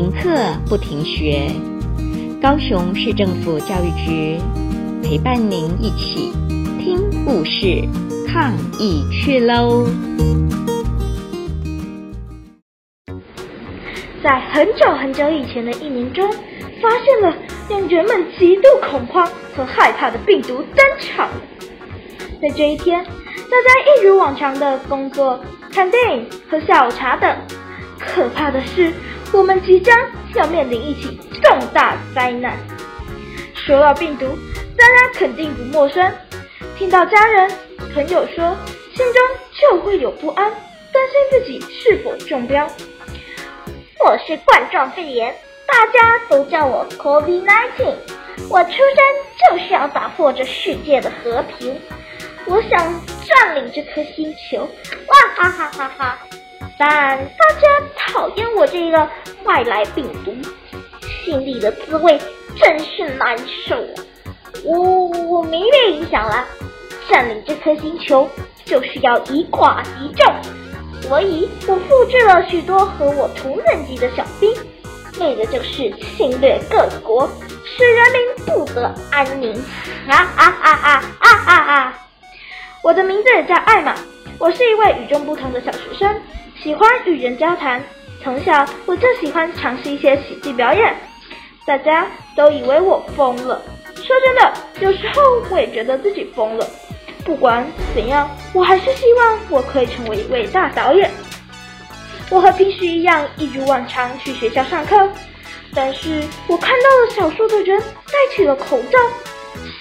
停課不停學，高雄市政府教育局陪伴您一起聽故事、抗疫去嘍。在很久很久以前的一年中，發現了讓人們極度恐慌和害怕的病毒登場。在這一天，大家一如往常的工作、看電影、喝下午茶等。可怕的是。我們即將要面臨一起重大災難。說到病毒，大家肯定不陌生。聽到家人、朋友說，心中就會有不安，擔心自己是否中標。我是冠狀肺炎，大家都叫我 COVID-19。我出生就是要打破這世界的和平，我想佔領這顆星球。哇哈哈哈哈！但大家討厭我這個外來病毒，心裡的滋味真是難受啊！我我沒被影響了。佔領這顆星球就是要以寡敵眾，所以我複製了許多和我同等級的小兵，為的就是侵略各國，使人民不得安寧。啊啊啊啊啊啊，啊，啊！我的名字也叫艾瑪，我是一位與眾不同的小學生。喜歡與人交談，從小我就喜歡嘗試一些喜劇表演，大家都以為我瘋了。說真的，有時候我也覺得自己瘋了。不管怎樣，我還是希望我可以成為一位大導演。我和平時一樣，一如往常去學校上課，但是我看到了少數的人戴起了口罩，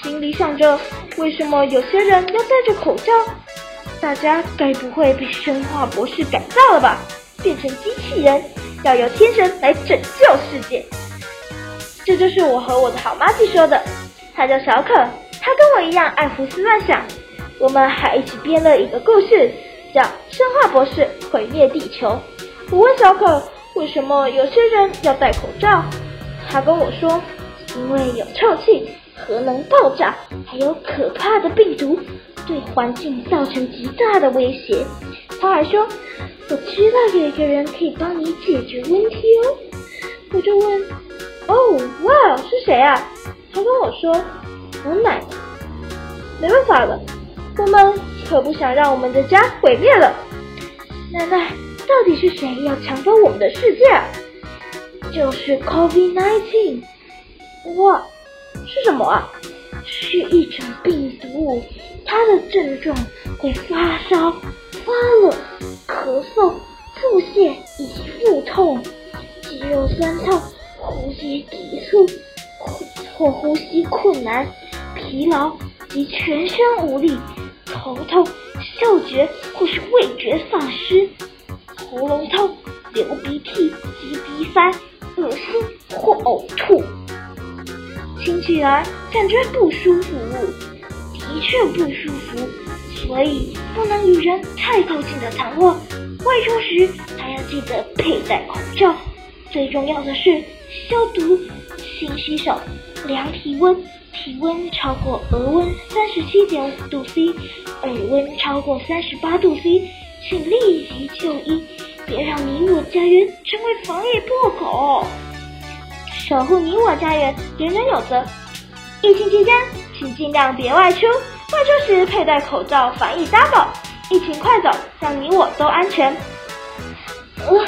心裡想着，為什麼有些人要戴着口罩？大家該不會被生化博士改造了吧？變成機器人，要由天神來拯救世界。這就是我和我的好麻吉說的，她叫小可，她跟我一樣愛胡思亂想。我們還一起編了一個故事，叫《生化博士毀滅地球》。我問小可，為什麼有些人要戴口罩？她跟我說，因為有臭氣、核能爆炸，還有可怕的病毒。對環境造成極大的威脅。他還說：“我知道有一個人可以幫你解決問題哦。”我就問：“哦，哇，是誰啊？”他跟我說：“我奶奶。”沒辦法了，我們可不想讓我們的家毀滅了。奶奶，到底是誰要搶走我們的世界啊？就是 COVID-19。哇，是什麼啊？是一種病毒，它的症狀會發燒、發冷、咳嗽、腹瀉以及腹痛、肌肉痠痛、呼吸急促、或呼、呼吸困難、疲勞及全身無力、頭痛、嗅覺或是味覺喪失。女兒感覺不舒服，的確不舒服，所以不能與人太靠近的談話。外出時還要記得佩戴口罩。最重要的是消毒、勤洗，洗手、量體溫。體溫超過額溫三十七點五度 C，耳溫超過三十八度 C，請立即就醫。別讓你我家園成為防疫破口。守護你我家園，人人有責。疫情期間，請盡量別外出，外出時佩戴口罩，防疫 double 疫情快走，讓你我都安全。呃、嗯，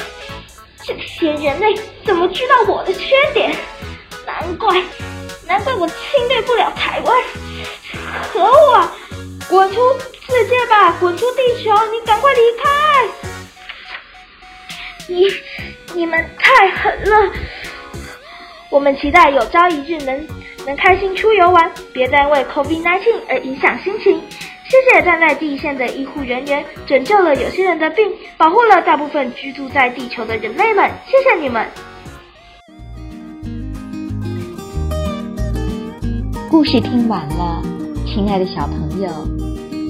這些人類怎麼知道我的缺點？難怪，難怪我侵略不了台灣。可惡啊！滾出世界吧，滾出地球！你趕快離開！你，你們太狠了。我們期待有朝一日能能開心出游玩，別再為 COVID-19 而影響心情。謝謝站在第一線的醫護人員，拯救了有些人的病，保護了大部分居住在地球的人類們。謝謝你們！故事聽完了，親愛的小朋友，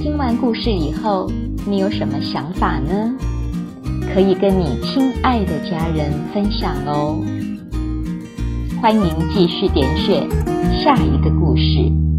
聽完故事以後，你有什麼想法呢？可以跟你親愛的家人分享哦。歡迎繼續點選下一個故事。